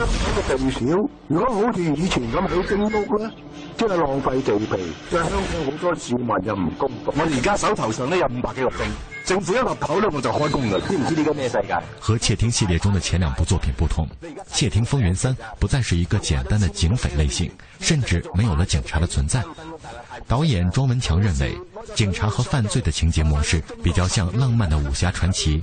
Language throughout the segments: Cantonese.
一少，如果好似以前咁喺京屋咧，真係浪費地皮。即係香港好多市民又唔公。我而家手頭上咧有五百幾個證，政府一落口咧我就開工啦。知唔知呢個咩世界？和竊聽系列中嘅前兩部作品不同，《竊聽風雲三》不再是一個簡單嘅警匪類型，甚至沒有了警察嘅存在。導演莊文強認為，警察和犯罪嘅情節模式比較像浪漫的武俠傳奇。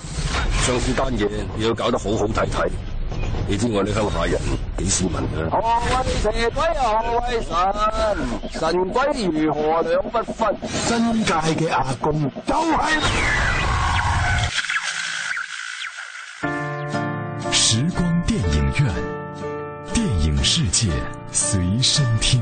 上次單嘢你要搞得好好睇睇，你知我哋鄉下人幾斯文啊！何謂邪鬼啊？何謂神？神鬼如何兩不分？真界嘅阿公就係時光電影院，電影世界隨身聽。